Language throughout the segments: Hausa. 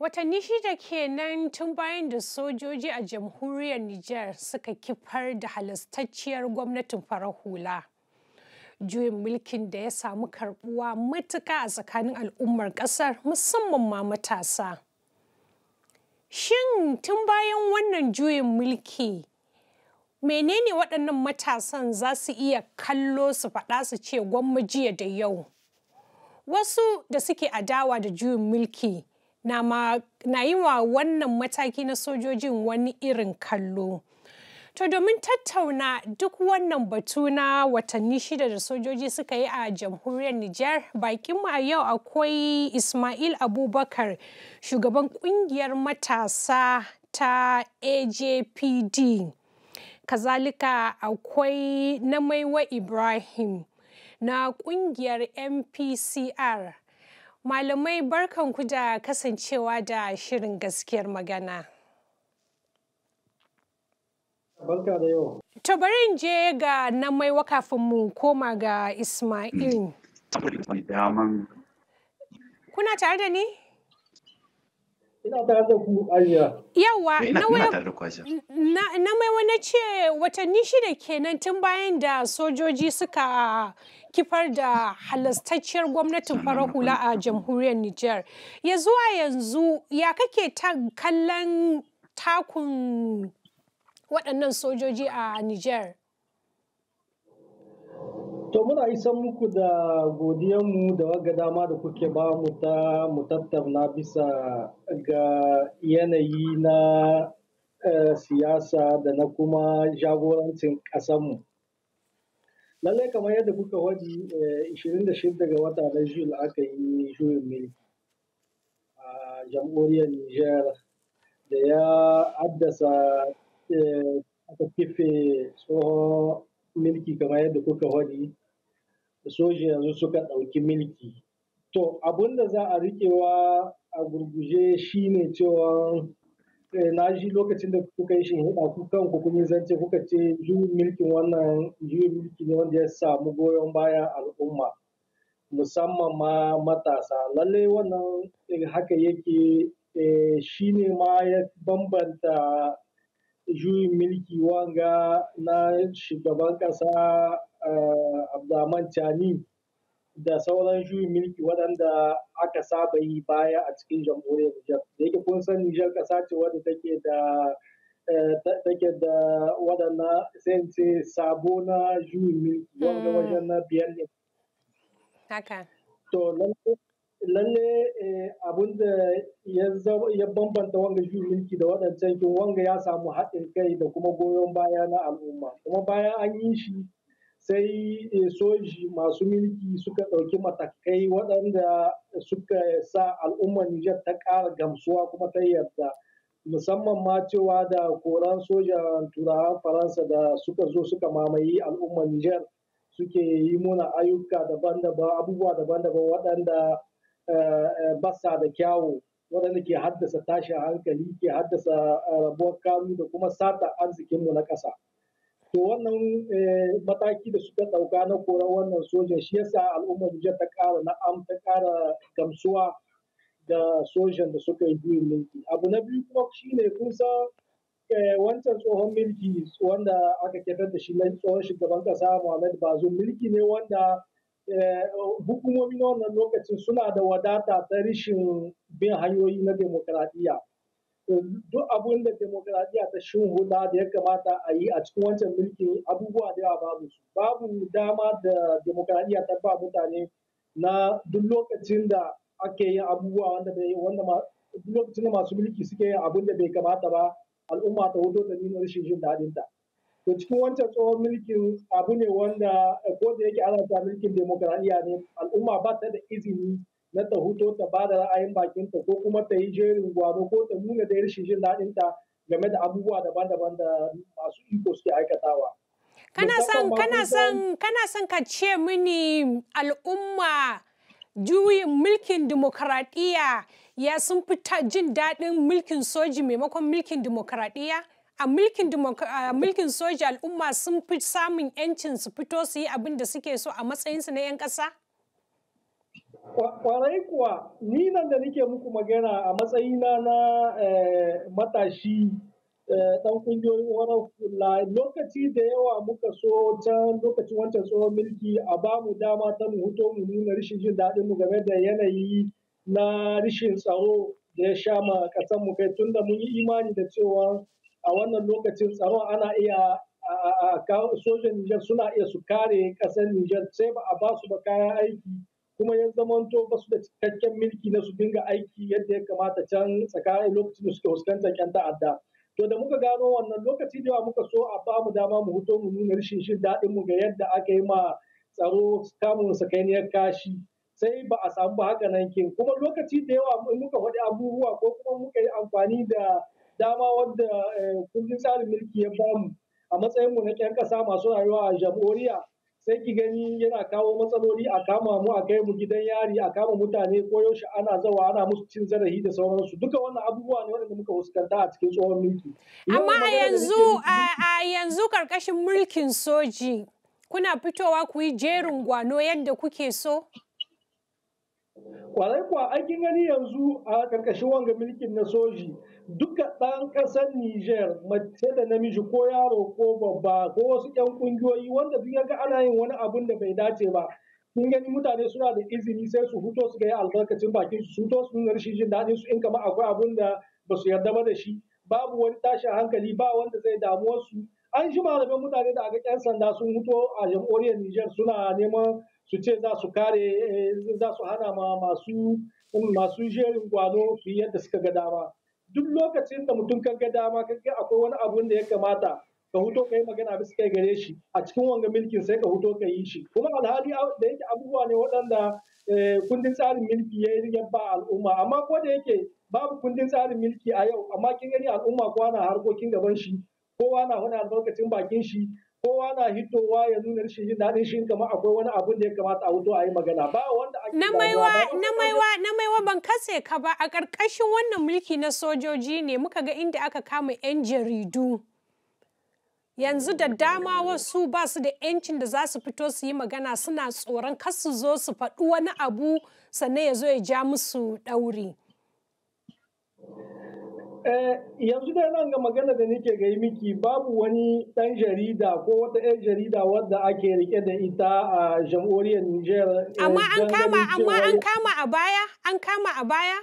Watanni shida kenan tun bayan da sojoji a jamhuriyar Nijar suka kifar da halastacciyar gwamnatin farar hula. Juyin mulkin da ya samu karbuwa matuka a tsakanin al'ummar ƙasar musamman ma matasa. Shin tun bayan wannan juyin mulki menene waɗannan matasan za su iya kallo su faɗa su ce gwamma jiya da yau? Wasu da suke adawa da juyin mulki. na, yi wa wannan mataki na sojojin wani irin kallo. To domin tattauna duk wannan batu na watanni shida da sojoji suka yi a jamhuriyar Nijar, bakinmu a yau akwai Ismail Abubakar, shugaban kungiyar matasa ta AJPD. Kazalika akwai na maiwa Ibrahim na kungiyar MPCR Malamai barkan ku da kasancewa da shirin gaskiyar magana. To bari in je ga nan mai kafin mu koma ga Ismail. Kuna tare da ni? Ina Yawa, na mai wani ce watanni shida kenan tun bayan da sojoji suka kifar da halastacciyar gwamnatin farar hula a jamhuriyar Nijar. Ya zuwa yanzu ya kake ta kallon takun waɗannan sojoji a Nijar? To muna isan muku da mu da waga dama da kuke ba mu ta mu tattauna bisa ga yanayi na eh, siyasa da na kuma jagorancin ƙasanmu. Lallai kamar yadda kuka waji 26 ga wata na Jul aka yi juyin mulki a jamhuriyar Nijar da ya haddasa eh, aka kife tsohon milki kamar yadda kuka waji. soji yanzu suka ɗauki milki to abun da za a riƙewa a gurguje shi ne cewa eh, na ji lokacin da kuka yi shimfiɗa ku kanku kun yi zance kuka ce juyin milkin wannan juyin milki ne wanda ya samu goyon baya al'umma musamman ma matasa lallai wannan eh, haka yake eh, shi ne ma ya bambanta juyin mulki wanga na shugaban ƙasa Eh, Abdulrahman Tani da sauran juyin mulki waɗanda aka saba yi baya a cikin jamhuriyar Nijar. Da yake kun san Nijar ƙasa ce wadda take da eh, take da waɗanda sai ce sabo na juyin mulki hmm. wanda wajen na biyar ne. Haka. To lalle eh, abin da ya bambanta wanga juyin mulki da waɗancan kin wanga ya samu haɗin kai da kuma goyon baya na al'umma. Kuma bayan an yi shi sai eh, soji masu mulki suka ɗauki matakai waɗanda suka sa al'ummar Nijar ta ƙara gamsuwa kuma ta yarda musamman ma cewa da koran sojan turawan faransa da suka zo suka mamaye al'ummar Nijar suke yi muna ayyuka daban-daban abubuwa daban-daban waɗanda eh, basa da kyawu waɗanda ke haddasa tashin hankali ke haddasa eh, rabuwar kanu da kuma sata arzikinmu na ƙasa. to wannan eh, mataki da suka ɗauka na koran wannan sojan shi yasa al'ummar jiya ta ƙara am ta ƙara gamsuwa da sojan da suka yi juyin mulki abu na biyu kuma shine kun eh, wancan tsohon mulki wanda aka kefar da shi na tsohon shugaban ƙasa Muhammad Bazoum mulki ne wanda eh, hukumomi na wannan lokacin suna da wadata ta rishin bin hanyoyi na demokradiyya duk abun da demokradiyya ta hula da ya kamata a yi a cikin wancan mulki abubuwa da yawa babu su babu dama da demokradiyya ta ba mutane na duk lokacin da ake yin abubuwa wanda bai wanda duk lokacin da masu mulki suke yin abun da bai kamata ba al'umma ta hudu da nuna rashin jin daɗin ta to cikin wancan tsohon mulkin abu ne wanda ko da yake ana ta mulkin demokradiyya ne al'umma ba ta da izini na ta huto ta ba da ra'ayin bakinta ko kuma ta yi jerin gwano ko ta nuna da rashin jin daɗinta game da abubuwa daban-daban da masu iko suke aikatawa. Kana son ka ce mini al'umma juyin mulkin dimokuraɗiyya ya sun fita jin daɗin mulkin soji maimakon mulkin dimokuraɗiyya? a mulkin mulkin soja al'umma sun fi samun yancin su fito su yi abin da suke so a matsayinsu na 'yan ƙasa? Kwarai kuwa, ni nan da nake muku magana a matsayina na eh, matashi eh, ɗan ƙungiyoyin warar kula lokaci da yawa muka so can lokacin wancan tsohon mulki a ba mu dama ta mu huto mu nuna rashin jin daɗin mu game da yanayi na rishin tsaro da ya sha ma ƙasar mu kai tunda mun yi imani da cewa a wannan lokacin tsaron ana iya a sojan Nijar suna iya su kare ƙasar Nijar sai ba a ba su ba kayan aiki kuma ya zamanto ba su da cikakken milki na su dinga aiki yadda ya kamata can tsakanin lokacin da suke fuskantar yan ta'adda to da muka gano wannan lokaci da yawa muka so a ba mu dama mu huto mu nuna rashin shin daɗin mu ga yadda aka yi ma tsaro kamun sakainiyar kashi sai ba a samu ba haka nan kin kuma lokaci da yawa muka faɗi abubuwa ko kuma muka yi amfani da dama wadda eh, kundin tsarin milki ya bamu a matsayin mu na ƙyan ƙasa masu rayuwa a jamhuriya sai ki gani yana kawo matsaloli a kama mu a kai mu gidan yari a kama mutane ko yaushe ana zawa ana musu cin zarafi da sauransu duka wannan abubuwa ne waɗanda muka fuskanta a cikin tsohon mulki amma a yanzu a yanzu karkashin mulkin soji kuna fitowa ku yi jerin gwano yadda kuke so kwarai kuwa aikin gani yanzu a karkashin wanga mulkin na soji duka ɗan ƙasar Nijar mace da namiji ko yaro ko babba ko wasu ƴan ƙungiyoyi wanda duk ga ana yin wani abun da bai dace ba sun gani mutane suna da izini sai su huto su yi albarkacin bakin su huto su nuna shi jin daɗin su in kama akwai abun da ba su yarda ba da shi babu wani tashin hankali ba wanda zai damu su an ji malamin mutane da aka ƴan sanda sun huto a jamhuriyar Nijar suna neman su ce za su kare eh, za su hana ma masu masu jerin gwano su yadda suka ga dama duk lokacin da mutum ka ga dama kan ga akwai wani abun da ya kamata ka huto kai magana bisa kai gare shi a cikin wanga milkin sai ka huto ka yi shi kuma alhali da yake abubuwa ne waɗanda eh, kundin tsarin milki ya yi ba al'umma amma ko da yake babu kundin tsarin milki a yau amma kin gani al'umma kowa na harkokin gaban shi kowa na wani albarkacin bakin shi kowa na hitowa ya nuna rashin jin daɗin shi kamar akwai wani abun da ya kamata a wuto a yi magana ba wanda ake na maiwa na maiwa na maiwa ban kase ka ba a ƙarƙashin wannan mulki na sojoji ne muka ga inda aka kama 'yan jaridu yanzu da dama wasu ba su da 'yancin da za su fito su yi magana suna tsoron kar su zo su faɗi wani abu sannan ya zo ya ja musu ɗauri. Eh, yanzu da nan ga magana da nake gai miki babu wani ɗan jarida ko wata 'yan jarida wadda ake rike da ita a jamhuriyar Nijar. Eh, amma an kama amma an kama a baya an kama a baya.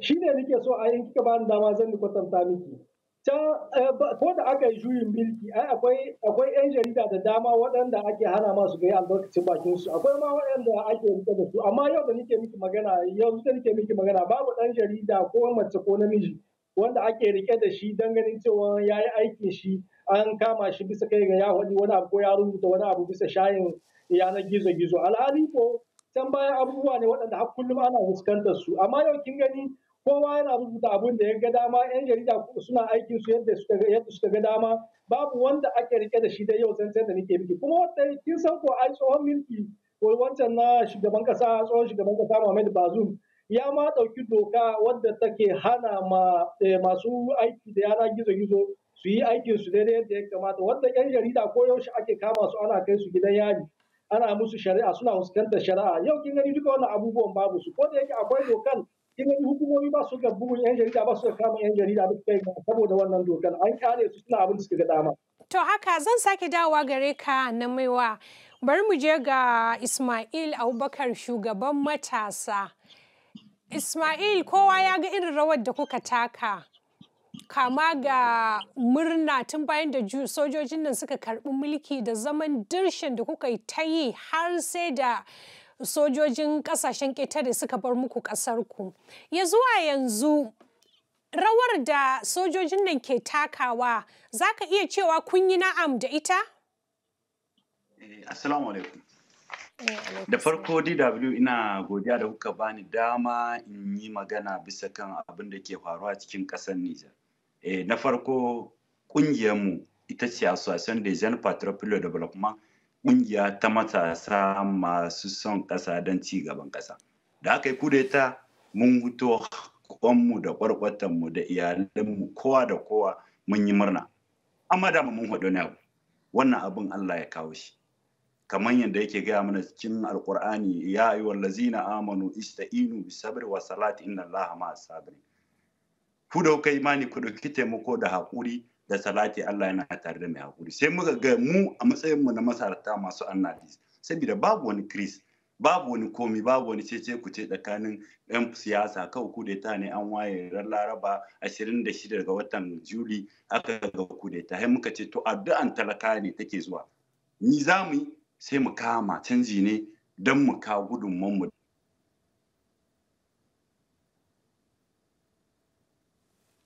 Shi ne nake so a yin kika bani dama zan kwatanta miki. Eh, ko da aka yi juyin milki ai akwai akwai yan jarida da dama waɗanda ake hana masu gai albarkacin bakin su akwai ma waɗanda ake rike da su amma yau da nake miki magana yanzu da nake miki magana babu ɗan jarida ko mace ko namiji wanda ake rike da shi dan ganin cewa ya yi aikin shi an kama shi bisa kai ga ya wani abu ko ya rubuta wani abu bisa shayin yanar gizo-gizo al'adu ko can bayan abubuwa ne waɗanda har kullum ana fuskantar su amma yau kin gani kowa yana rubuta abin da ya ga dama yan jarida suna aikin su yadda suka yadda ga dama babu wanda ake rike da shi da yau san da nake biki kuma wanda kin san ko ai tsohon milki ko wancan na shugaban kasa tsohon shugaban kasa Muhammad Bazoum ya ma dauki doka wadda take hana ma eh, masu aiki da yana gizo gizo su yi aikin su daidai yadda ya kamata wanda yan jarida ko yaushe ake kama su ana kai su gidan yari ana musu shari'a suna fuskantar shari'a yau kin gani duka wannan abubuwan babu su ko da yake akwai dokan irin hukumomi ba su ga bugun yan jarida ba su ga kama yan jarida duk kai saboda wannan dokan an kyale su suna abin da suka ga dama to haka zan sake dawowa gare ka na maiwa bari mu je ga Ismail Abubakar shugaban matasa Ismail kowa ya ga irin rawar da kuka taka kama ga murna tun bayan da sojojin nan suka karbi mulki da zaman dirshin da kuka yi ta yi har sai da sojojin kasashen ƙetare suka bar muku ƙasarku ya zuwa yanzu rawar da sojojin nan ke takawa za ka iya cewa kun yi na'am da ita? Eh, assalamu alaikum. Eh, da farko DW ina godiya da kuka bani dama in yi magana bisa kan abin da ke faruwa cikin ƙasar Nijar. Eh, na farko ƙungiyarmu ita ce Association da Jean Patriotism Development kungiya ta matasa masu son ƙasa don ci gaban ƙasa da aka yi kudeta mun huto kwanmu da kwarkwatanmu da iyalanmu kowa da kowa mun yi murna amma da mun hudu ne wannan abin Allah ya kawo shi kamar yadda yake gaya mana cikin alkur'ani ya yi wallazina amanu ista'inu bi sabr wa salati inna allaha maa sabirin ku da kai imani ku dauki taimako da haƙuri da salati Allah yana tare da mai hakuri sai muka ga mu a matsayin mu na masarauta masu annabi saboda babu wani kris babu wani komi babu wani cece ce tsakanin yan siyasa kawai ta ne an waye ran laraba 26 ga watan juli aka ga ta sai muka ce to addu'an talaka ne take zuwa ni za mu yi sai mu kama canji ne don mu ka mu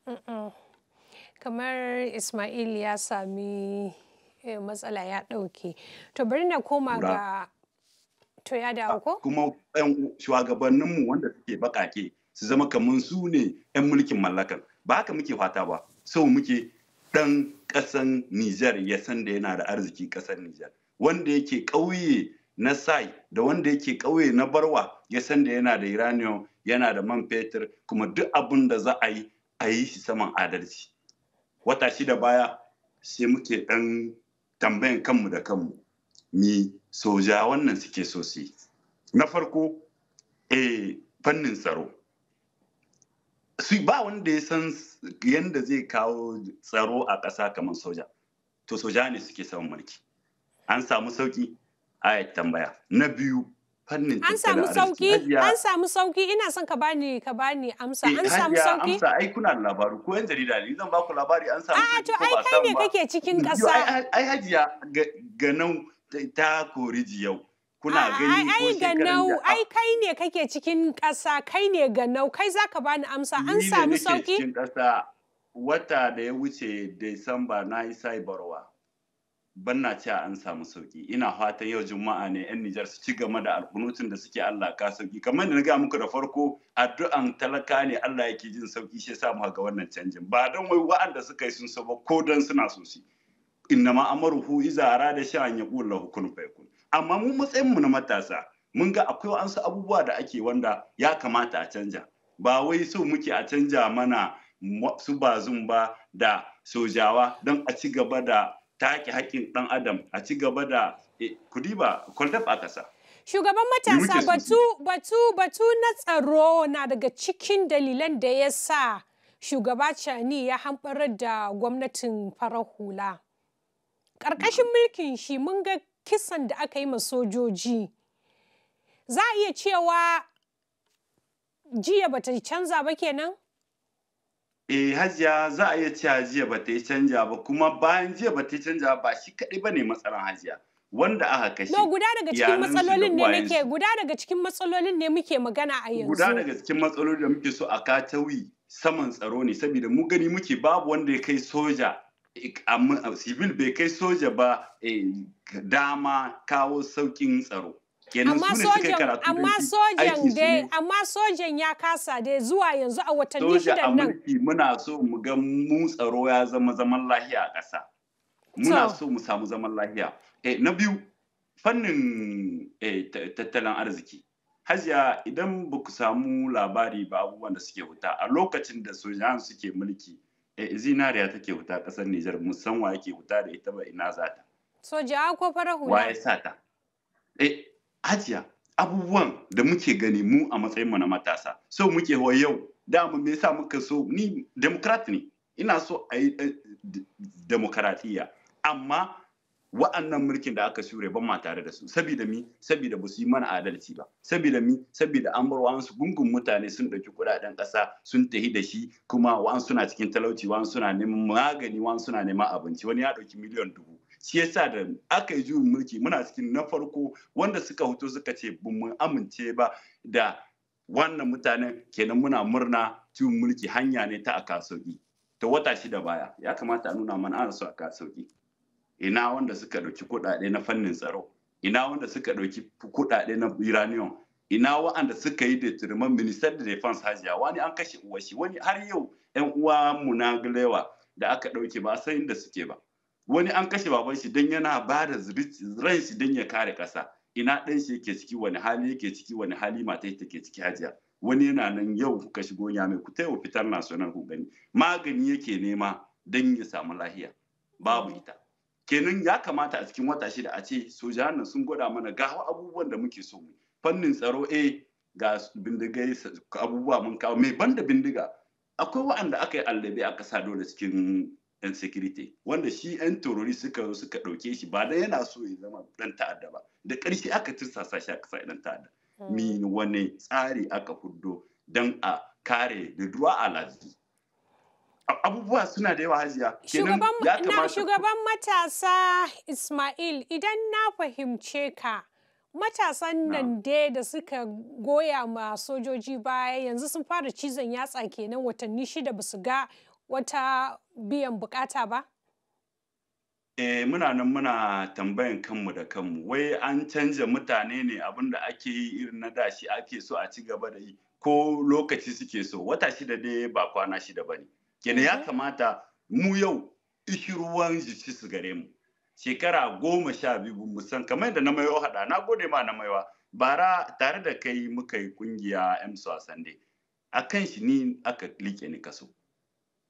Mm-mm. kamar ismail ya sami eh, matsala ya ɗauke to bari na koma ga to ya dawo ko kuma yan shugabanninmu wanda suke bakake su zama kamar su ne yan mulkin mallakar ba haka muke fata ba sau muke dan ƙasan Nijar ya san da yana da arziki ƙasar Nijar wanda yake ƙauye na sai da wanda yake ƙauye na barwa ya san da yana da uranium yana da man fetur kuma duk abin da za a yi a yi shi saman adalci wata shida baya sai muke ɗan tambayan kanmu da kanmu ni soja wannan suke so na farko a eh, fannin tsaro su ba wanda ya san yadda zai kawo tsaro a ƙasa kamar soja to soja ne suke samun mulki an samu sauƙi a tambaya na biyu fannin an samu sauki an samu sauki ina son ka bani ka bani amsa eh, an samu sauki amsa ai kuna da labaru ko yan jarida ne zan baku labari an samu a to ai kai ne kake cikin kasa ai hajiya ganau ta kori yau kuna gani ko ai ganau ai kai ne kake cikin kasa kai ne ganau kai zaka bani amsa an samu sauki ni ne cikin kasa wata da ya wuce Desamba na yi cyberwa banna cewa an samu sauki ina fatan yau juma'a ne yan Nijar su ci gama da alkunutun da suke Allah ka sauki kamar da naga ga muku da farko addu'an talaka ne Allah yake jin sauki shi yasa mu ga wannan canjin ba dan wai wa'anda suka yi sun so ba ko dan suna so su innama amaruhu iza da sha'an ya qul lahu kun fayakun amma mu matsayin mu na matasa mun ga akwai wasu abubuwa da ake wanda ya kamata a canja ba wai so muke a canja mana su bazun ba da sojawa don a ci gaba da take haƙƙin ɗan adam a ci gaba da eh, kudiba kwaldaf a ƙasa. Shugaban matasa batu batu batu na tsaro na daga cikin dalilan da ya sa shugaba cani ya hamɓarar da gwamnatin farar hula. Ƙarƙashin mulkin shi mun ga kisan da aka yi ma sojoji. Za a iya cewa jiya bata canza ba kenan? eh hajiya za a iya cewa jiya ba ta yi canja ba kuma bayan jiya ba ta yi canja ba shi kaɗai ba ne matsalar hajiya wanda aka kashe no guda daga cikin matsalolin ne muke guda daga cikin matsalolin ne muke magana a yanzu guda daga cikin matsalolin da muke so a katawi saman tsaro ne saboda mu gani muke babu wanda ya kai soja civil bai kai soja ba eh, dama kawo saukin tsaro amma sojan amma sojan dai amma sojan ya kasa dai zuwa yanzu a watanni shida nan mulki muna so mu ga mu tsaro ya zama zaman lahiya a ƙasa muna so mu samu zaman lahiya eh na biyu fannin eh, tattalin arziki hajiya idan ba ku samu labari ba abubuwan da suke wuta a lokacin da sojan suke mulki eh, zinariya take wuta ƙasar Nijar musamman yake wuta da ita ba ina zata soja ko farahu ne wa ya sata eh ajiya abubuwan da muke gani mu a matsayin mu na matasa so muke wa yau dama me yasa muka so ni demokrat ne ina so a yi eh, demokaratiyya amma wa'annan mulkin da aka shure ban ma tare da su saboda mi saboda ba su yi mana adalci ba saboda mi saboda an bar wa'ansu gungun mutane sun ɗauki kuɗaɗen ƙasa sun tahi da shi kuma wa'ansu suna cikin talauci wa'ansu suna neman magani wa'ansu suna neman abinci wani ya ɗauki miliyan dubu shi sa da aka yi juyin mulki muna cikin na farko wanda suka hoto suka ce ba mu amince ba da wannan mutanen kenan muna murna juyin mulki hanya ne ta aka sauki ta wata shida baya ya kamata a nuna mana ana so a sauki ina wanda suka ɗauki kuɗaɗe na fannin tsaro ina wanda suka ɗauki kuɗaɗe na uranium ina wa'anda suka yi da turman minister da defense hajiya wani an kashe uwashi wani har yau yan uwa mu na da aka ɗauke ba san inda suke ba wani an kashe baban shi don yana ba da ran shi don ya kare kasa, ina ɗan shi yake ciki wani hali yake ciki wani hali mata take ciki hajiya wani yana nan yau kuka shigo ya mai ku yau fitar national ku gani magani yake nema don ya samu lahiya babu mm. ita kenan ya kamata a cikin wata shida a ce sojanan sun gwada mana ga abubuwan da muke so mu fannin tsaro eh ga bindigai abubuwa mun kawo mai banda bindiga akwai wa'anda aka yi allabe aka sa dole cikin yan security wanda shi yan terrorist suka zo suka ɗauke shi ba da yana so ya zama dan ta'adda ba da ƙarshe aka tursasa shi a ƙasa dan ta'adda mi hmm. wani tsari aka fuddo dan a kare da duwa alazi abubuwa suna da yawa hajiya na shugaban matasa ismail idan na fahimce ka matasan nan dai da suka goya ma sojoji baya yanzu sun fara cizon yatsa kenan watanni shida ba su ga wata biyan bukata ba? E, muna nan muna tambayan kanmu da kanmu wai an canza mutane ne abin ake yi irin na dashi ake so a ci gaba da yi ko lokaci suke so wata shida dai ba kwana shida ba ne kenan ya mm-hmm. kamata mu yau ishiruwan jiki su gare mu shekara goma sha biyu mu san kamar da na mayo hada na gode ma na maiwa bara tare da kai muka yi kungiya ms akan shi ni aka like ni kaso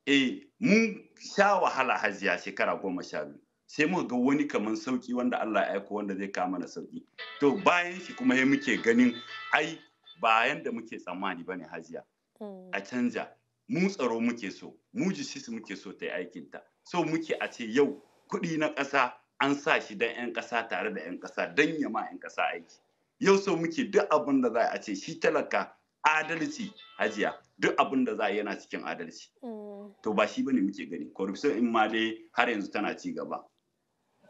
E mun sha wahala hajiya shekara goma sha biyu sai muka ga wani kamar sauki wanda Allah ya aiko wanda zai kawo mana sauki to bayan shi kuma ya muke ganin ai bayan da muke tsammani bane hajiya mm. a canja mu tsaro muke so mu jisisi muke so ta yi ta so muke a ce yau kuɗi na ƙasa an sa shi don 'yan ƙasa tare da 'yan ƙasa don ya ma 'yan ƙasa aiki yau so muke duk abin da za a ce shi talaka adalci hajiya duk abin da za a yana cikin adalci mm. to ba shi bane muke gani corruption in ma dai har yanzu tana ci gaba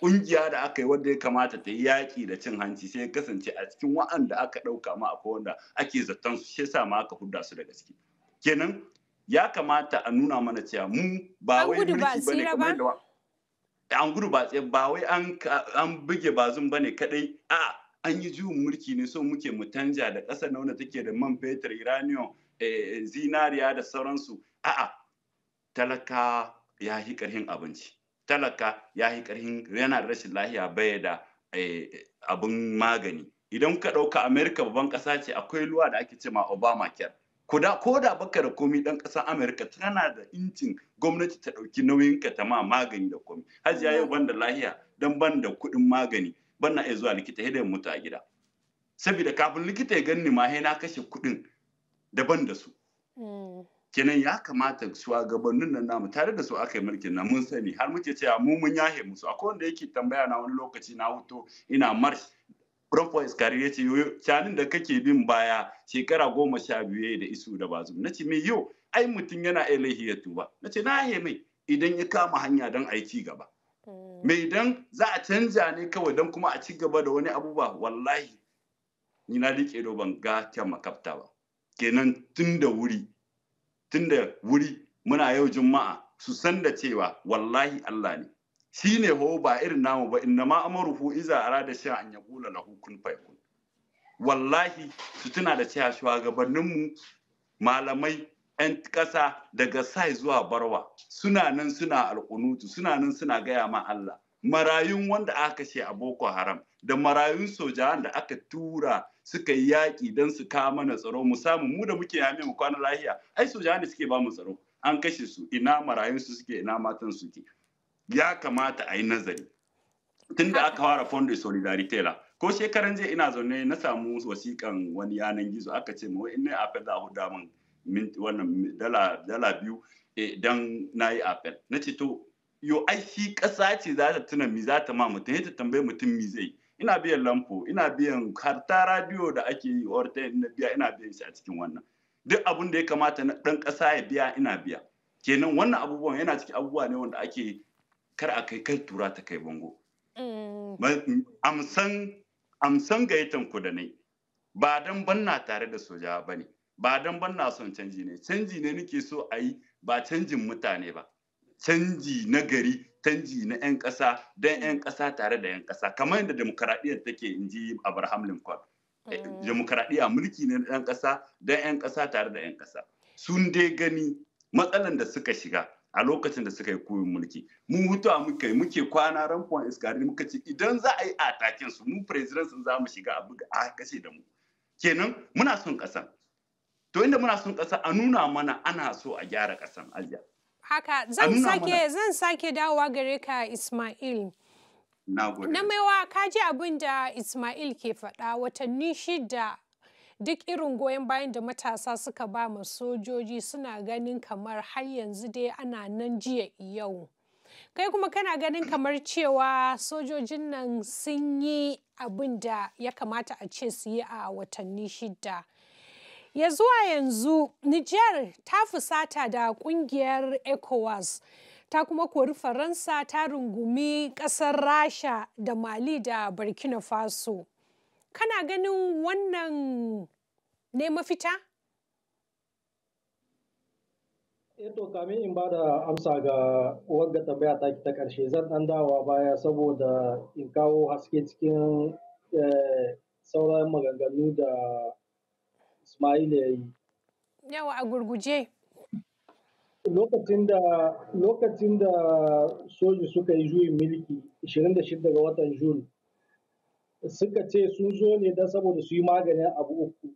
kungiya da aka yi wanda ya kamata ta yi yaƙi da cin hanci sai ya kasance a cikin wa'anda aka ɗauka ma akwai wanda ake zaton su shi sa ma aka hudda su da gaske kenan ya kamata a nuna mana cewa mu ba wai mulki bane kamar da an gudu ba ba wai an buge bazun bane kadai A'a an yi juhun mulki ne so muke mu canja da ƙasar na take da man fetur uranium Eh, zinariya da sauransu a'a talaka ya yi karhin abinci talaka ya yi karhin yana rashin lahiya baya da eh, abin magani idan ka ɗauka amerika babban ƙasa ce akwai luwa da ake cema obama kyar Kuda ko da baka da komi dan ƙasar Amerika tana da incin gwamnati ta ɗauki nauyin ka ta ma magani da komi. Hajiya yau ban da lahiya dan ban da kuɗin magani ban na iya zuwa likita hidayen mutu a gida. Saboda kafin likita ya ganni ma na kashe kuɗin daban da su hmm. kenan ya kamata shugabannin nan namu tare da su aka yi mulkin na mun sani har muke cewa mu mun yahe musu akwai wanda yake tambaya na wani lokaci na wuto ina marsh Rumfo Iskari ya ce canin da kake bin baya shekara goma sha biyu da isu da bazum na ce mai yau ai mutum yana iya laihi ya tuba na ce na mai idan ya kama hanya don aiki gaba mai hmm. idan za a canja ne kawai don kuma a ci gaba da wani abubuwa wallahi ni na riƙe ban ga kyan makafta ba kenan tun da wuri tun da wuri muna yau juma'a su san da cewa wallahi Allah ne shi ne ho ba irin namu ba inna ma amaruhu iza arada sha an yaqula lahu kun fayakun wallahi su tuna da cewa mu malamai 'yan ƙasa daga sai zuwa barwa suna nan suna alƙunutu suna nan suna gaya ma Allah marayun wanda aka ce a Boko Haram da marayun sojan da aka tura suka yi yaƙi don su kawo mana tsaro mu samu mu da muke yami mu kwana lahiya ai su da suke ba mu tsaro an kashe su ina marayun su suke ina matan ke? ya kamata a yi nazari Tunda aka fara fondo solidarity la ko shekaran jiya ina zaune na samu wasiƙan wani yanan gizo aka ce mawai ina apel za a huda min wannan dala biyu eh, don na yi apel na ce to yo ai shi ƙasa ce za ta tuna mi za ta ma mutum ta tambaye mutum mi zai ina biyan lampo ina biyan harta radio da ake yi ta na biya ina biyan shi a cikin wannan duk abun da ya kamata na dan kasa ya biya ina biya kenan wannan abubuwan yana cikin abubuwa ne wanda ake kar a kai kai tura ta kai bango mm. amsan amsan gayyatan ku da ne ba dan banna tare da soja bane ne ba dan banna son canji ne canji ne nake so a yi ba canjin mutane ba canji na gari canji na 'yan kasa don 'yan ƙasa tare da 'yan ƙasa kamar yadda demokaradiyyar take in ji abraham lincoln eh, mm. demokaradiyya mulki ne na 'yan kasa don 'yan kasa tare da 'yan kasa. sun dai gani matsalan da suka shiga a lokacin da suka yi koyon mulki mun hutuwa muka yi muke kwana rankon iskari muka ce idan za a yi takin su mu president sun za mu shiga a buga a kashe da mu kenan muna son ƙasa. to inda muna son ƙasa a nuna mana ana so a gyara ƙasan aljihar haka zan sake zan sake dawowa gare ka Ismail. Na maiwa kaji ji abin da Ismail ke faɗa watanni shida duk irin goyon bayan da matasa suka ba ma sojoji suna ganin kamar har yanzu dai ana nan jiya yau. Kai kuma kana ganin kamar cewa sojojin nan sun yi abin da ya kamata a ce su yi a watanni shida. ya zuwa yanzu niger ta fusata da kungiyar ecowas ta kuma kori faransa ta rungumi kasar rasha da mali da burkina faso kana ganin wannan ne mafita eh to kamin in ba da amsa ga wagga tambaya ta ta karshe zan dan dawa baya saboda in kawo haske cikin eh, sauran maganganu da Ismail ya yi. Yawa a gurguje. Lokacin da soji suka yi juyin mulki 26 ga watan Jun suka ce sun zo ne don saboda su yi maganin abu uku.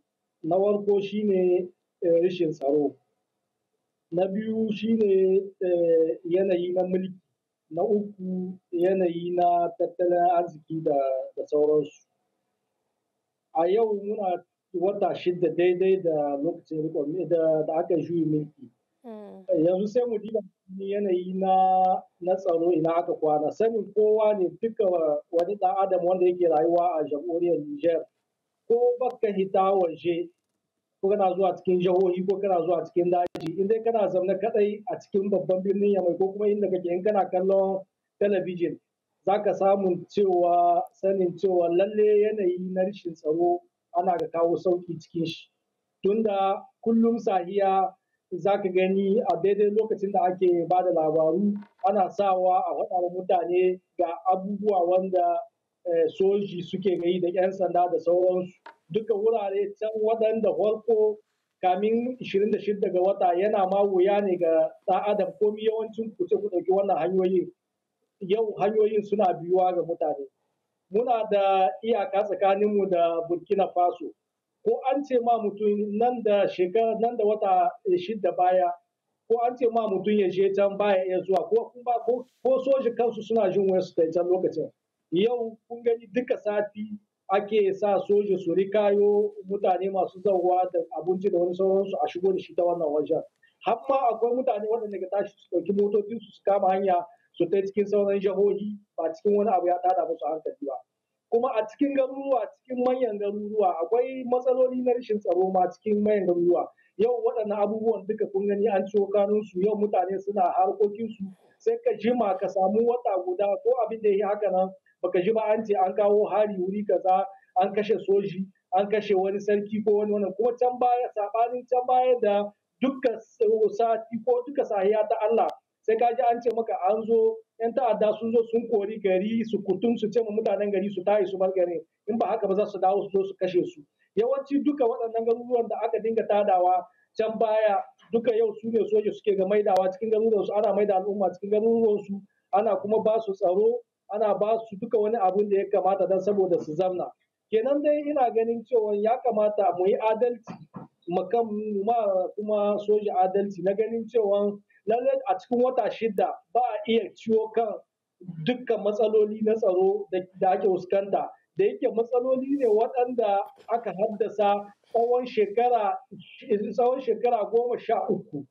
Na warko ne eh, rashin tsaro. Na biyu shi ne eh, yanayi na mulki. Na uku yanayi na tattalin arziki da sauransu. a yau muna wata shida daidai da lokacin rikon da aka juyi mulki hmm. yanzu sai mu diba yanayi na tsaro ina aka kwana sanin kowa ne duka wani dan adam wanda yake rayuwa a jamhuriyar Niger ko baka hita waje ko kana zuwa cikin jihohi ko kana zuwa cikin daji in dai kana zaune kaɗai a cikin babban birnin yamai ko kuma inda kake in kana kallon talabijin zaka samu cewa sanin cewa lalle yanayi na rashin tsaro ana ga kawo sauƙi cikin shi tunda kullum sahiya za ka gani a daidai lokacin da ake ba da labaru ana sawa a faɗa mutane ga abubuwa wanda eh, soji suke gayi da 'yan sanda da sauransu duka wurare can waɗanda farko kamin 26 ga wata yana ma wuya ne ga ɗan adam komi yawancin kuce ku ɗauki wannan hanyoyin yau hanyoyin suna biyuwa ga mutane muna da iyaka tsakaninmu da burkina faso ko an ce ma mutum nan da shekara nan da wata shida baya ko an ce ma mutum ya je can baya iya zuwa ko kuma ko soji kansu suna jin wayar su can lokacin yau kun gani duka sati ake sa soji su rikayo mutane masu zauwa da abinci da wani sauransu a shigo da shi ta wannan wajen har ma akwai mutane waɗanda ga tashi su ɗauki motocinsu su kama hanya su ta cikin sauran jihohi ba cikin wani abu ya tada musu hankali ba kuma a cikin garuruwa cikin manyan garuruwa akwai matsaloli na rashin tsaro ma cikin manyan garuruwa yau waɗannan abubuwan duka kun gani an ciwo kanun yau mutane suna harkokinsu sai ka jima ka samu wata guda ko abin da ya yi haka nan baka ji ba an ce an kawo hari wuri kaza an kashe soji an kashe wani sarki ko wani wannan kuma can baya sabanin can baya da duka sati ko duka sahiya ta Allah sai ka ji an ce maka an zo yan ta'adda sun zo sun kori gari su kutum su ce ma mutanen gari su tayi su bar gari in ba haka ba za su dawo su zo su kashe su yawanci duka waɗannan garuruwan da aka dinga tadawa can baya duka yau su ne soja suke ga maidawa cikin garuruwan su ana maida al'umma cikin garuruwan su ana kuma ba su tsaro ana ba su duka wani abun da ya kamata dan saboda su zamna kenan dai ina ganin cewa ya kamata mu yi adalci makam kuma soja adalci na ganin cewa lallai a cikin wata shida ba a iya ciwo kan dukkan matsaloli na tsaro da ake fuskanta da yake matsaloli ne waɗanda aka haddasa tsawon shekara tsawon shekara goma sha uku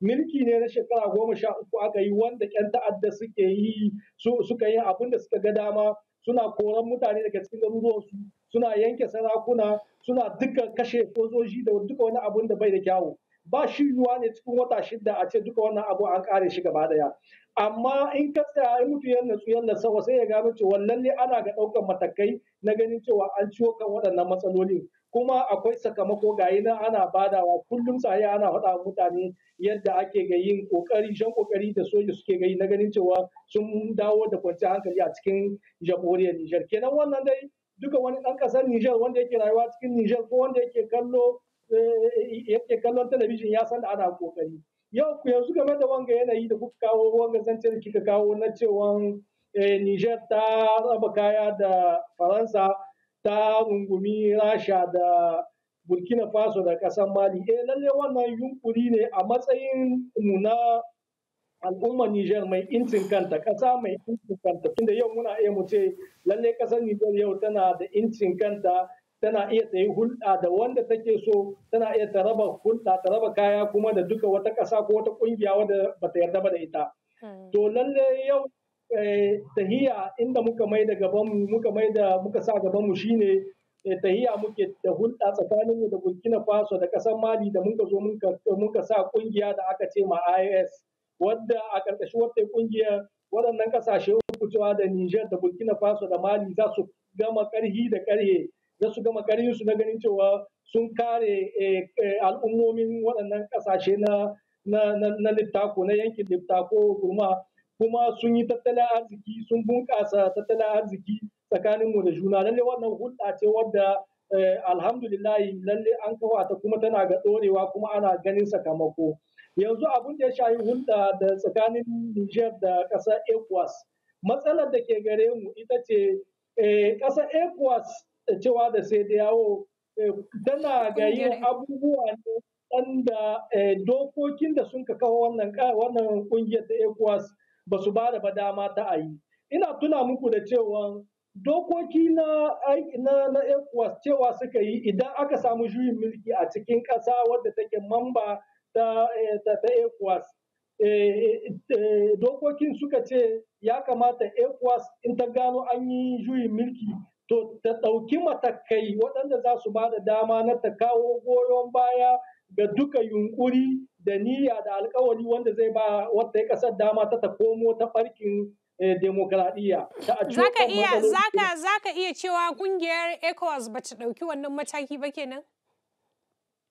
milki ne na shekara goma sha uku aka yi wanda 'yan ta'adda suke yi suka yi abin da suka ga dama suna koran mutane daga cikin garuruwansu suna yanke sarakuna suna duka kashe sojoji da duka wani abun da bai da kyawu ba shi yiwuwa ne cikin wata shida a ce duka wannan abu an kare shi gaba daya amma in ka tsaya ai mutu ya natsu ya wa sai ya gano cewa lalle ana ga ɗaukar matakai na ganin cewa an ciwo kan waɗannan matsalolin kuma akwai sakamako ga nan ana badawa kullum sai ana faɗa mutane yadda ake ga yin kokari shan kokari da soja suke ga na ganin cewa sun dawo da kwanciyar hankali a cikin jamhuriyar Nijar kenan wannan dai duka wani ɗan ƙasar Nijar wanda yake rayuwa cikin Nijar ko wanda yake kallo Eh, ya kallon talabijin ya san da ana kokari yau yanzu game da wanga yanayi da kuka kawo wanga zance da kika kawo na cewa eh, Niger ta raba kaya da Faransa ta rungumi Rasha da Burkina Faso da ƙasar Mali. Eh lalle wannan yunkuri ne a matsayin mu na al'ummar Nijar mai incin kanta ƙasa mai incin kanta tunda yau muna iya mu ce lalle ƙasar Nijar yau tana da incin kanta tana iya tsaye hulɗa da wanda take so tana iya ta raba hulɗa ta raba kaya kuma da duka wata ƙasa ko wata ƙungiya wadda ba ta yarda ba da ita hmm. to lalle yau eh, tahiya inda muka mai da gabanmu muka mai da muka sa gabanmu shine eh, tahiya muke da hulɗa tsakaninmu da burkina faso da ƙasar mali da muka zo muka sa ƙungiya da aka ce ma is wadda a ƙarƙashin wata ƙungiya waɗannan ƙasashe uku cewa da niger da burkina faso da mali za su gama ƙarhi da ƙarhe da su gama karin su na ganin cewa sun kare eh, eh, al'ummomin waɗannan ƙasashe na na littako na yankin littako kuma kuma sun yi tattalin arziki sun bunƙasa tattalin arziki tsakaninmu da juna lalle wannan hulɗa ce wadda eh, alhamdulillahi lalle an kawo kuma tana ga ɗorewa kuma ana ganin sakamako yanzu abun da ya shayi hulɗa da tsakanin Niger da ƙasar ECOWAS matsalar da ke gare mu ita ce ƙasar ECOWAS cewa da sai da yawo eh, tana ga yin abubuwa ne wanda eh, dokokin da sun ka kawo wannan wannan kungiyar ta ECOWAS ba su ba da ba dama ta a yi. Ina tuna muku da cewa dokoki na na na cewa suka yi idan aka samu juyin mulki a cikin ƙasa wadda take mamba ta eh, ta ECOWAS dokokin suka ce ya kamata ECOWAS in ta gano an yi juyin mulki to ta ɗauki matakai waɗanda za su ba da dama na ta kawo goyon baya ga duka yunkuri da niyya da alkawari wanda zai ba wata ƙasar dama ta ta komo ta farkin eh, demokradiyya. Zaka iya zaka zaka iya cewa kungiyar ECOWAS ba ta ɗauki wannan mataki ba kenan?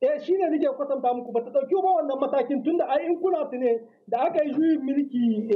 Eh shi ne nake kwatanta muku ba ta ɗauki ba wannan matakin tunda 'Ai, in kuna ne da aka yi juyin mulki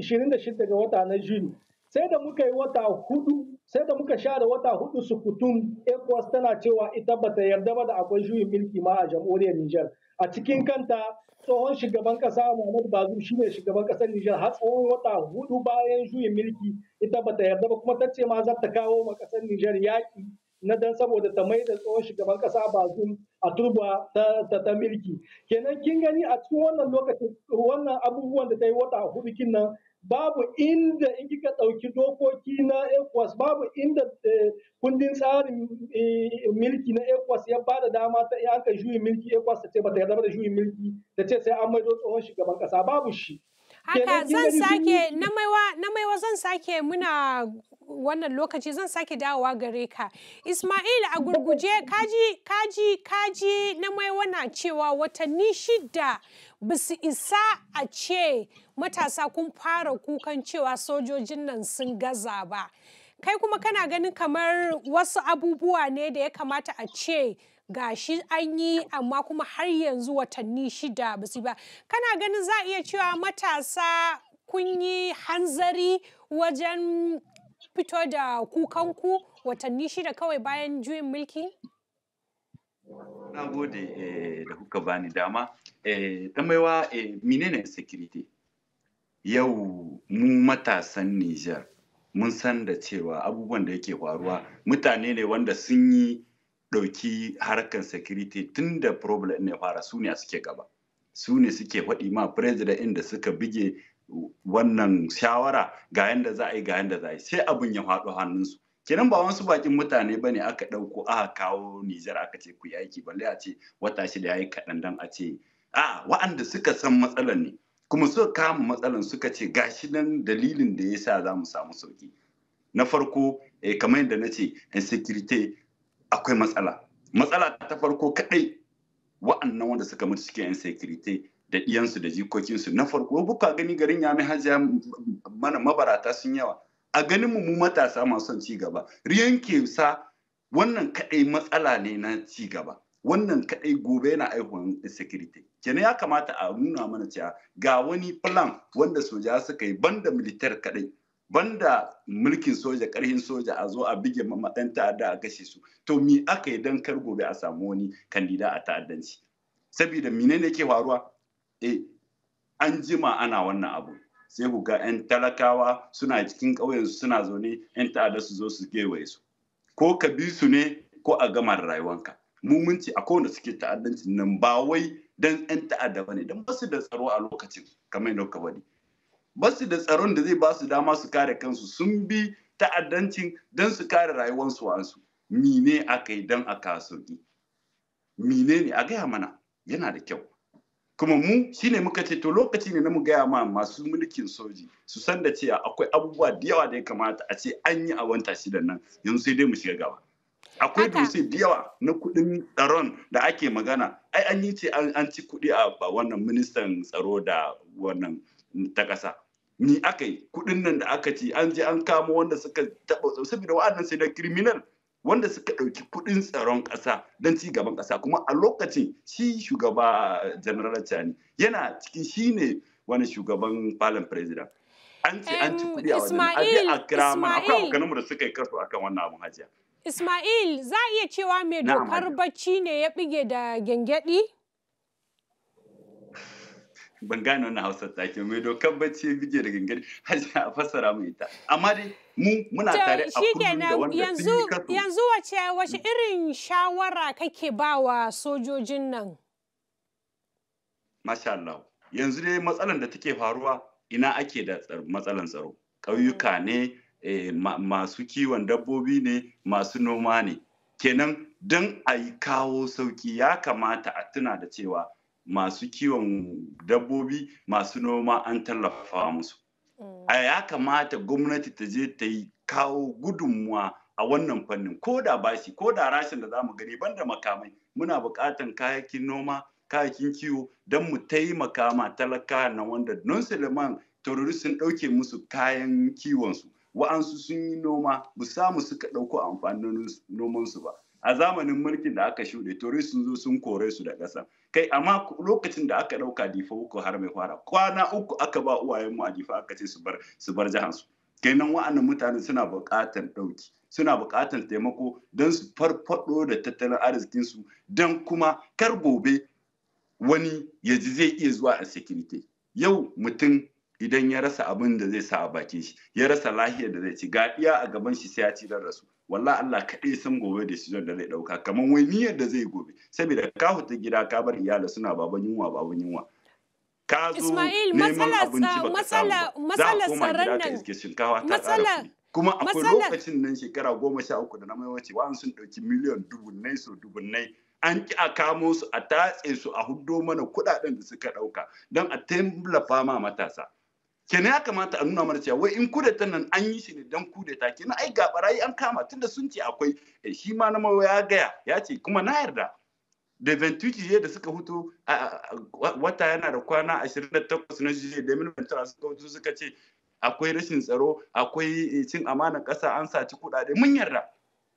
26 eh, ga wata na Juni. sai da muka yi wata hudu sai da muka sha da wata hudu sukutun ecowas tana cewa ita bata yarda ba da akwai juyin mulki ma a jamhuriyar niger a cikin kanta tsohon shugaban kasa muhammad bazum shine shugaban kasar niger har tsohon wata hudu bayan juyin mulki ita bata yarda ba kuma ta ce ma za ta kawo ma kasar niger yaki na dan saboda ta mai da tsohon shugaban kasa bazum a turba ta ta, milki kenan kin gani a cikin wannan lokacin wannan abubuwan da ta yi wata hudu nan. babu inda in kika ɗauki dokoki na ECOWAS babu inda eh, kundin tsarin eh, milki na ECOWAS ya bada dama ta in aka juyin milki ECOWAS ta ce bata yarda da juyin milki ta ce sai an maido tsohon shugaban ƙasa, babu shi Haka zan sake na maiwa zan sake muna wannan lokaci zan sake dawowa gare ka. Ismail a gurguje kaji kaji kaji na maiwa na cewa watanni shida ba su isa a ce matasa kun fara kukan cewa sojojin nan sun gaza ba. Kai kuma kana ganin kamar wasu abubuwa ne da ya kamata a ce gashi an yi amma kuma har yanzu watanni shida ba su ba kana ganin za a iya cewa matasa kun yi hanzari wajen fito da kukanku watanni shida kawai bayan juyin mulki? Na gode eh, da kuka bani dama. Tamaiwa eh, eh, menene security? Yau mu matasan Nijar mun san da cewa abubuwan da yake faruwa mutane ne wanda sun yi ɗauki harkar security tun da problem ne fara su ne suke gaba su ne suke faɗi ma president inda suka bige wannan shawara ga yadda za a yi ga yadda za a yi sai abin ya faɗo hannunsu kenan ba wasu bakin mutane ba ne aka ɗauko aka kawo Nijar aka ce ku yi aiki balle a ce wata shida ya yi kaɗan dan a ce a wa'anda suka san matsalar ne kuma suka kama matsalar suka ce gashi nan dalilin da ya sa za mu samu sauki na farko eh, kamar yadda na ce insecurity eh, akwai matsala matsala ta farko kaɗai wa'annan wanda suka mutu cikin yan sekirite da iyansu da jikokinsu na farko buka gani garin ya mai hajiya mana mabarata sun yawa a ganin mu matasa masu ci gaba riyan sa wannan kaɗai matsala ne na ci gaba wannan kaɗai gobe yana aihuwan security kenan ya kamata a nuna mana cewa ga wani plan wanda soja suka yi banda militar kaɗai. banda mulkin soja karhin soja a zo a bige ma ta'adda a kashe su to mi aka yi dan kar gobe a samu wani kandida a ta'addanci saboda menene ke faruwa eh an jima ana wannan abu sai ku ga 'yan talakawa suna cikin ƙauyen suna zaune 'yan ta'adda su zo su gewaye su ko ka bi su ne ko a gama da rayuwanka mumunci a kowanne suke ta'addanci nan ba wai dan 'yan ta'adda bane dan basu da tsaro a lokacin kamar yadda ka faɗi Basu da tsaron da zai ba su dama su kare kansu sun bi ta'addancin don su kare rayuwarsu wansu mine aka yi don a kasuwanci mine ne a gaya mana yana da kyau kuma mu shine muka ce to lokaci ne na mu gaya ma masu mulkin soji su san da cewa akwai abubuwa da yawa da ya kamata a ce an yi a wanta shidan nan yanzu sai dai mu shiga gaba akwai dutse da yawa na kudin tsaron da ake magana ai an yi ce an ci kudi a wannan ministan tsaro da wannan ta ƙasa ni aka yi kuɗin nan da aka ci an je an kama wanda suka taɓa saboda wa'annan sai da kiriminal wanda suka ɗauki kuɗin tsaron ƙasa don ci gaban ƙasa kuma a lokacin shi shugaba eh, general Chani yana cikin shi ne wani shugaban falon president an ci an ci kuɗi a wajen a kira mana akwai mu da suka yi kasu akan wannan abun hajiya Ismail za a iya cewa mai dokar bacci ne ya bige da gyangyaɗi? ban gane wannan ta take mai dokan bacci ya bige da gangare har a fassara mu ita amma dai mu muna tare a kudu da wanda yanzu yanzu wace wace irin shawara kake ba wa sojojin nan masha yanzu dai matsalan da take faruwa ina ake da matsalan tsaro ƙauyuka ne eh, masu kiwon dabbobi ne masu noma ne kenan don a yi kawo sauki ya kamata a tuna da cewa masu kiwon dabbobi masu noma an tallafa musu mm. a ya kamata gwamnati ta je ta yi kawo gudunmuwa a wannan fannin ko da bashi ko da rashin da zamu gani banda makamai muna buƙatan kayakin noma kayakin kiwo don mu taimaka ma talaka na wanda non suleman sun ɗauke musu kayan kiwonsu wa'ansu sun yi noma bu samu suka ɗauko amfanin nomansu ba a zamanin mulkin da aka shuɗe tori sun zo sun kore su da ƙasa kai amma lokacin da aka ɗauka difa uku har mai fara kwana uku aka ba uwayenmu a difa aka ce su bar su bar jihansu wa'annan mutane suna buƙatar ɗauki suna buƙatar taimako don su farfaɗo da tattalin arzikinsu don kuma kar gobe wani ya ji zai iya zuwa a security yau mutum idan ya rasa abin da zai sa a bakin shi ya rasa lahiyar da zai ci ga a gaban shi sai ya ci dan rasu wallah Allah kaɗai san gobe decision da zai ɗauka kamar wai niyyar da zai gobe saboda ka huta gida ka bar iyala suna baban yunwa baban yunwa ka zo neman abinci ba ka samu ba za a koma gida ka iske shinkawa ta tsara kuma akwai lokacin nan shekara goma sha uku da na mai wace wa'an sun ɗauki miliyan dubunnai so dubunnai an ki a kamo su a tatse su a huddo mana kuɗaɗen da suka ɗauka don a tallafa fama matasa kenan ya kamata a nuna mana cewa wai in kudeta nan an yi shi ne dan kudeta kenan ai ga barayi an kama tunda sun ce akwai eh, shi ma na ya gaya ya ce kuma na yarda da ventuci da suka hutu wata yana da kwana 28 na jiye da milmantar suka hutu suka ce akwai rashin tsaro akwai eh, cin amana kasa an saci kuɗaɗe mun yarda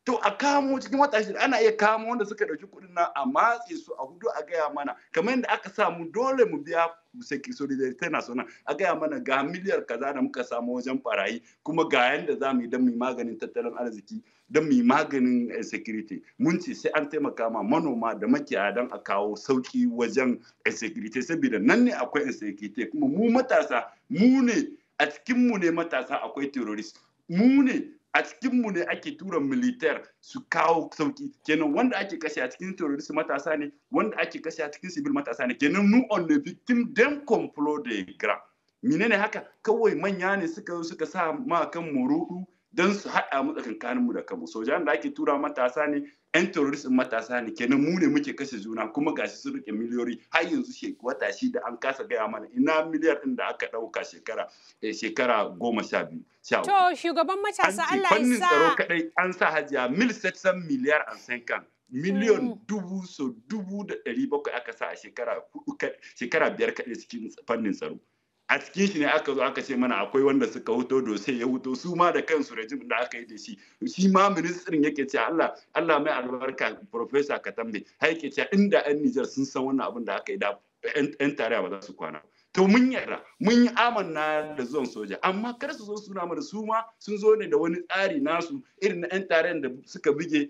to a kamo cikin wata shida ana iya kamo wanda suka ɗauki kuɗin na a matse su a hudu a gaya mana kamar yadda aka samu dole mu biya saki solidarity national a gaya mana ga miliyar kaza da muka samu wajen barayi kuma ga yanda za mu yi don mu maganin tattalin arziki don mu maganin eh, security mun ce sai an taimaka ma manoma da makiyaya dan a kawo sauki wajen eh, security saboda nan ne akwai eh, security kuma mu matasa mu ne a cikin mu ne matasa akwai terrorist mu ne a cikin mu ne ake tura militar su kawo sauki kenan wanda ake kashe a cikin terrorist matasa ne wanda ake kashe a cikin civil matasa ne kenan nu on the victim dem complot de grand menene haka kawai manya ne suka suka sa ma kan murudu don su haɗa mu tsakankaninmu da kanmu sojan da ake tura matasa ne yan terrorist matasa ne kenan mu ne muke kashe juna kuma gashi sun rike miliyoyi har yanzu she wata shi da an kasa gaya mana ina miliyar din da aka ɗauka shekara eh, shekara goma sha biyu to shugaban matasa Allah ya sa fannin tsaro kadai an sa hajiya mil 700 miliyar an san kan miliyan hmm. dubu so dubu da ɗari bakwai aka sa a shekara biyar kaɗai cikin fannin tsaro a cikin shi ne aka zo aka ce mana akwai wanda suka huto dose ya huto su ma da kansu rajin da aka yi da shi shi ma ministrin yake ce Allah Allah mai albarka professor Katambe har yake ce inda yan Nijar sun san wannan abin da aka yi da yan tarayya ba za su kwana to mun yarda mun yi amanna da zuwan soja amma kar su zo suna mana su ma sun zo ne da wani tsari nasu irin na yan tare da suka buge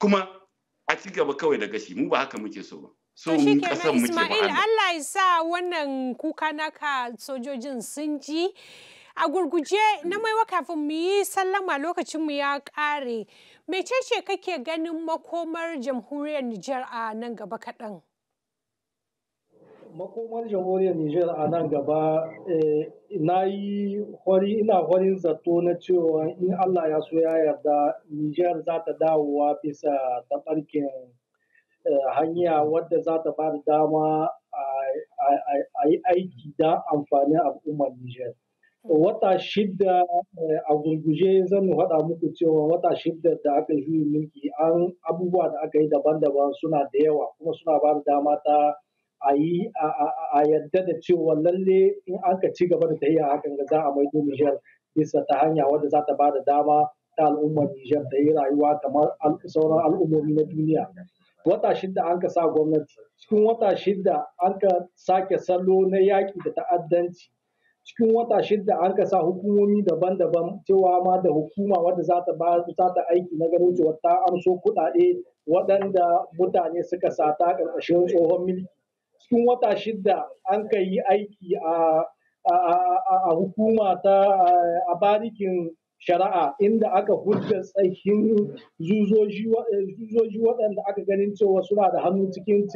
kuma a ci gaba kawai da gashi mu ba haka muke so ba so kasan Ismail Allah ya sa wannan kuka naka sojojin sun ji a gurguje na mai maiwa kafin mu yi sallama lokacinmu ya kare mecece kake ganin makomar jamhuriyar Nijar a nan gaba kaɗan? makomar jamhuriyar Nijar a nan gaba eh, na yi hori ina horin zato na cewa in Allah ya so ya yarda Nijar za ta dawowa bisa taɓarkin Eh, hanya wadda za ta ba da dama a yi aiki da amfanin al'ummar Nijar. Wata shidda eh, a gurguje zan faɗa muku cewa wata shidda da aka yi mulki an abubuwa da aka yi daban-daban suna da yawa kuma suna ba da dama ta a yi a yadda da cewa lalle in an ka ci gaba da a hakan ga za a maido Nijar bisa ta hanya wadda za ta ba da dama ta al'ummar Nijar ta yi rayuwa kamar sauran al'ummomi na duniya. wata shida an ka sa gwamnati cikin wata shida an ka sake salo na yaƙi da ta'addanci cikin wata shida an ka sa hukumomi daban-daban cewa ma da hukuma wadda za ta za ta aiki na ganin cewa ta amso kuɗaɗe waɗanda mutane suka sata ƙarƙashin tsohon mulki cikin wata shida an ka yi aiki a a hukuma ta a barikin shari'a inda aka hujja tsakin eh, zuzoji waɗanda aka ganin cewa suna da hannu cikin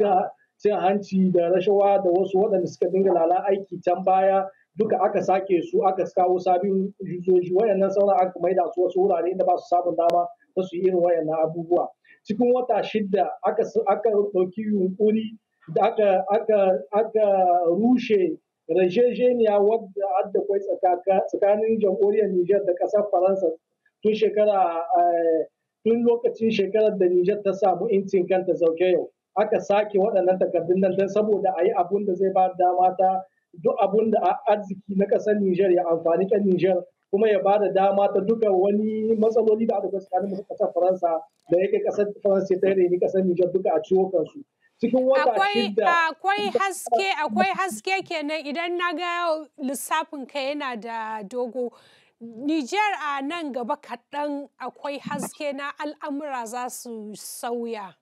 cin hanci da rashawa da wasu waɗanda suka dinga lala aiki can baya duka aka sake su aka kawo sabin zuzoji wayannan sauran aka maida su wasu wurare inda ba su samun dama ta su yi irin wayannan abubuwa cikin wata shida aka ɗauki yunkuri da aka rushe rajejeniya wadda adda kwai tsakanin jamhuriyar Nijar da ƙasar Faransa tun shekara eh, tun lokacin shekarar da Nijar ta samu incin kanta zauke yau. Aka sake waɗannan takardun nan don saboda ayi yi abun da zai ba dama ta duk abun da arziki na ƙasar Nijar ya amfani ta Nijar kuma ya ba da dama ta duka wani matsaloli da aka tsakanin ƙasar Faransa da yake ƙasar Faransa ta yi ƙasar Nijar duka a ciwo kansu. cikin wata shida. Akwai haske, akwai haske kenan idan na ga lissafin ka yana da dogo. Nijar a nan gaba kaɗan akwai haske na al'amura za su sauya.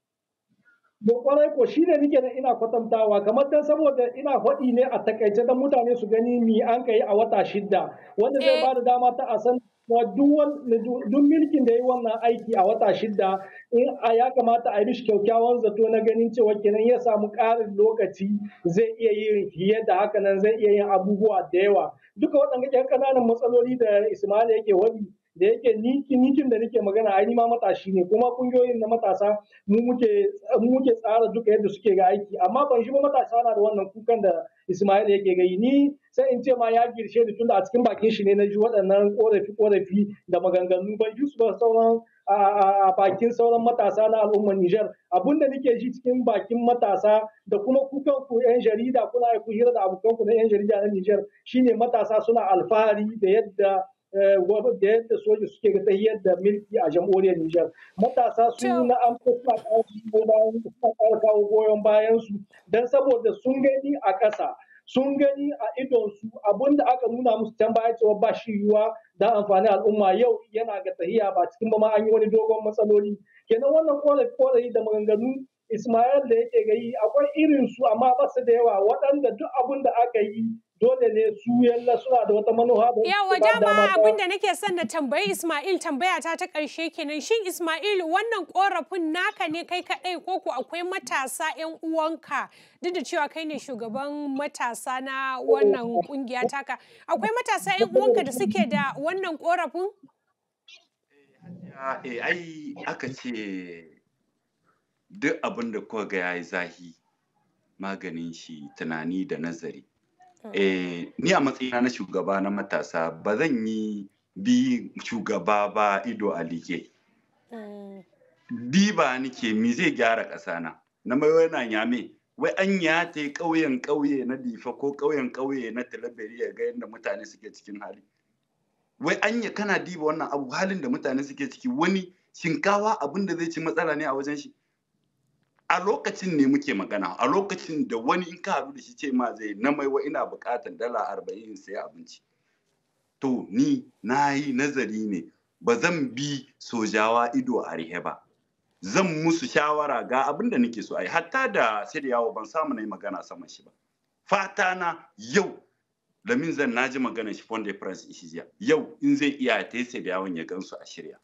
Don ko shi ne nike ina kwatantawa kamar dan saboda ina faɗi ne a takaice don mutane su gani mi an kai a wata shidda wanda zai eh. ba da dama ta a san duk milkin da ya yi wannan aiki a wata shidda in a ya kamata a yi mishi kyaukyawan zato na ganin cewa kenan ya samu ƙarin lokaci zai iya yin fiye da haka nan zai iya yin abubuwa da yawa duka waɗanda ƙyan ƙananan matsaloli da Ismail yake wani da yake ni nikin da nake magana ai ma matashi ne kuma kungiyoyin na matasa mu muke mu muke tsara duka yadda suke ga aiki amma ban shi ba matasa na da wannan kukan da Ismail yake gai ni sai in ce ma ya girshe da tunda a cikin bakin shi ne na ji waɗannan korafi korafi da maganganu ban ji su ba sauran a bakin sauran matasa na al'ummar Nijar abun da nake ji cikin bakin matasa da kuma kukan ku yan jarida kuna ku hira da abokan ku na yan jarida na Nijar shine matasa suna alfahari da yadda Eh, da yadda soja suke ga tahiyar da milki a jamhuriyar Nijar. Matasa su na an suna ƙara kawo goyon bayan su don saboda sun gani a ƙasa. Sun gani a idon su abinda aka nuna musu can baya cewa ba shi yiwuwa da amfani al'umma yau yana ga tahiya ba cikin ba ma an yi wani dogon matsaloli. Kenan wannan korafi da maganganu Ismail da yake gayi akwai irin su amma ba su da yawa waɗanda duk abin da aka yi dole ne su yalla suna da wata manufa da yawa dama abin da nake son na tambayi Ismail tambaya ta ta karshe kenan shin Ismail wannan korafin naka ne kai kadai ko ko akwai matasa yan uwanka duk da cewa kai ne shugaban matasa na wannan kungiya taka akwai matasa yan uwanka da suke da wannan korafin eh, eh ai aka ce duk abin da kuka ga yayi zahi maganin shi tunani da nazari eh ni a matsayina na shugaba na matasa ba zan yi bi shugaba ba ido a like diba ke mi zai gyara ƙasa na na mai wannan yame wai an ya ta ƙauyen ƙauye na difa ko ƙauyen ƙauye na talabari ya ga yadda mutane suke cikin hali wai an kana diba wannan abu halin da mutane suke ciki wani shinkawa abin da zai ci matsala ne a wajen shi a lokacin ne muke magana a lokacin da wani in ka haɗu da shi ce ma zai na mai wa ina buƙatar dala arba'in in abinci to ni na yi nazari ne ba zan bi sojawa ido a rihe ba zan musu shawara ga abin da nake so a yi hatta da sai da yawo ban samu na yi magana saman shi ba fata na yau da min zan na ji magana shi fonde prince jiya, yau in zai iya ta yi da yawon ya gansu a shirya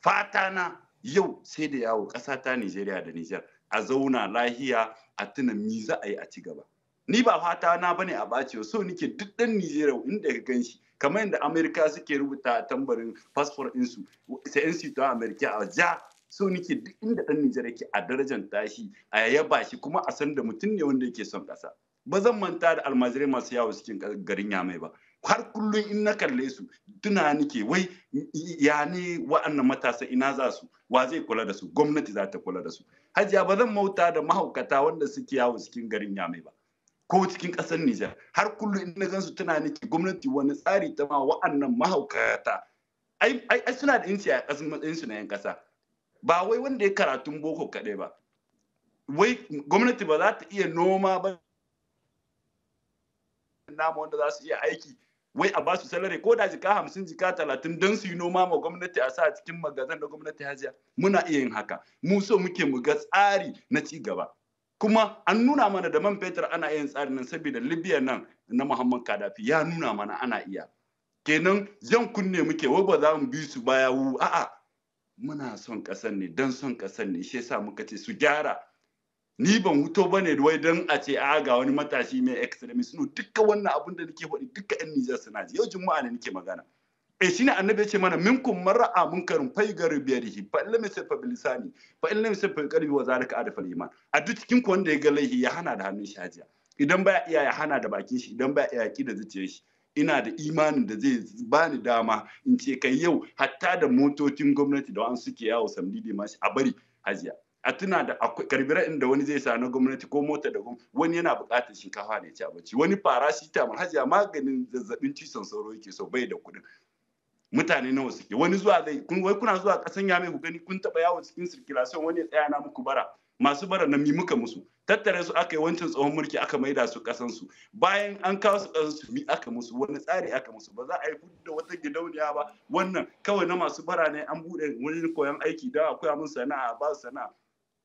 fata na yau sai da yawo ƙasa ta Nijeriya da Nijar a zauna lahiya a tuna mi za a yi a ci gaba ni ba fata na bane a bacewa so nike duk dan Nijeriya inda ka gan shi kamar yadda Amerika suke rubuta tambarin passport ɗinsu sai yan su ta Amerika a ja so nike duk inda dan Nijeriya ke a darajar tashi a yayyaba shi kuma a san da mutum ne wanda yake son ƙasa ba zan manta da almajirai masu yawo cikin garin Yamai ba har kullum in na kalle su tuna nike wai ya ne wa'annan matasa ina za su wa zai kula da su gwamnati za ta kula da su hajiya ba zan mauta da mahaukata wanda suke yawo cikin garin yamai ba ko cikin ƙasar Nijar har kullum in na gansu tana niki gwamnati wani tsari ta ma wa'annan mahaukata ai suna da inci a ƙasar matsayinsu na 'yan ƙasa ba wai wanda ya karatun boko kaɗai ba wai gwamnati ba za ta iya noma ba nama wanda za su iya aiki wai a basu salari ko da jika hamsin jika talatin don su yi noma ma gwamnati a sa cikin magazan da gwamnati hajiya muna iya yin haka mu so muke mu ga tsari na ci gaba kuma an nuna mana da man fetur ana iya yin tsari nan saboda libya nan na muhammad kadafi ya nuna mana ana iya kenan zan kunne muke wai ba za mu bi su baya wu a'a muna son kasan ne don son kasan ne shi yasa muka ce su gyara ni ban huto ba ne wai don a ce a ga wani matashi mai extremist no duka wannan abun da nake faɗi duka yan Nijar suna ji yau juma'a ne nake magana eh shine annabi ya ce mana minkum mar'a munkarin biyar biyarihi fa in lam yasfa lisani fa in lam yasfa qalbi wa zalika adfa iman a duk cikin ku wanda ya ga laihi ya hana da hannun shi hajiya idan baya iya ya hana da bakin shi idan baya iya ya da zuciyar shi ina da imanin da zai bani dama in ce kai yau hatta da motocin gwamnati da wani suke yawo samdidi ma a bari hajiya a tuna da akwai karbira inda wani zai sa na gwamnati ko mota da gwamnati wani yana buƙatar shinkafa ne ci abinci wani paracetamol hajiya maganin zazzabin cizon sauro yake so bai da kuɗin mutane nawa suke wani zuwa zai kun wai kuna zuwa ƙasan ya mai gani kun taɓa yawon cikin circulation wani ya tsaya na muku bara masu bara na mi muka musu tattare su aka yi wancan tsohon mulki aka maida su kasan su bayan an kawo su ƙasan su mi aka musu wani tsari aka musu ba za a yi da wata gidauniya ba wannan kawai na masu bara ne an buɗe wani koyon aiki da akwai mun sana'a ba sana'a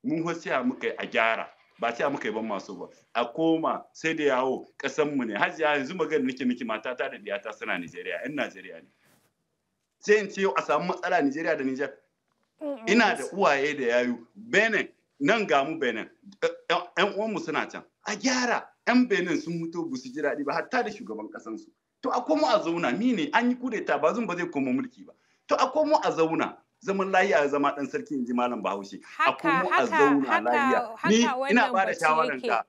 mun hosiya muka a gyara ba sai muka yi ban masu ba a koma sai da yawo kasan mu ne hajiya yanzu magana nake miki matata da diyata suna Najeriya yan Najeriya ne sai in ce a samu matsala nigeria da Niger ina da uwaye da yayu Benin nan ga mu Benin yan uwanmu suna can a gyara yan Benin sun mutu ba su ji daɗi ba hatta da shugaban kasan su to a koma a zauna ni ne an yi kudeta ba zan ba zai koma mulki ba to a koma a zauna zaman lahiya a zama dan sarki in ji malam bahaushe a kuma a zauna lahiya ni ina ba da shawaran ka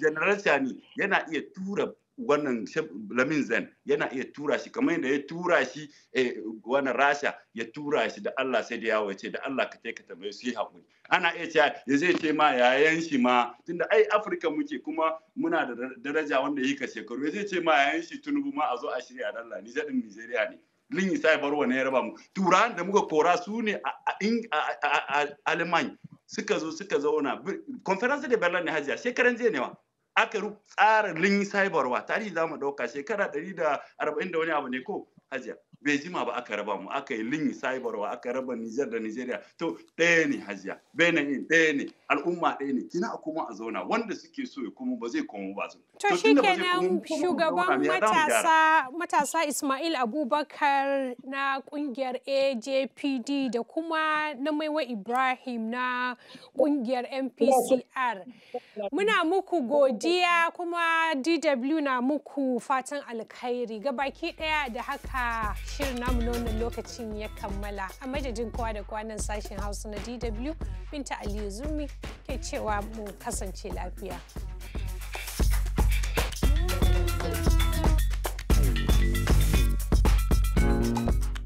general shani yana iya tura wannan lamin zan yana iya tura shi kamar yadda ya tura shi eh, wannan rasha ya tura shi da Allah sai da yawo ce da Allah ka ka tambaye su yi hakuri ana iya cewa ya zai ce ma yayan shi ma tunda ai Afirka muke kuma muna da daraja wanda yi ka shekaru ya zai ce ma yayan shi tunubu ma a zo a shirya Allah ni zaɗin Nigeria ne linyi sai bar ne ya raba mu turan da muka kora su ne a Alemany suka zo suka zauna conference de Berlin ne hajiya shekaran jiya ne wa aka tsara lin linyi sai barwa tarihi za mu dauka shekara 140 da wani abu ne ko hajiya bai ba aka raba mu aka yi linyi saibarwa aka raba Nijar da Nijeriya to ɗaya ne hajiya benin ɗaya ne al'umma ɗaya ne kina a kuma a zauna wanda suke so ya kuma ba zai komo ba su. To shi kenan shugaban matasa matasa Ismail Abubakar na kungiyar AJPD da kuma na Maiwa Ibrahim na kungiyar MPCR. Muna muku godiya kuma DW na muku fatan alkhairi gabaki ɗaya da haka shirin namu na wannan lokacin ya kammala a madadin kowa da kwanan sashen hausa na dw binta aliyu zumi ke cewa mu kasance lafiya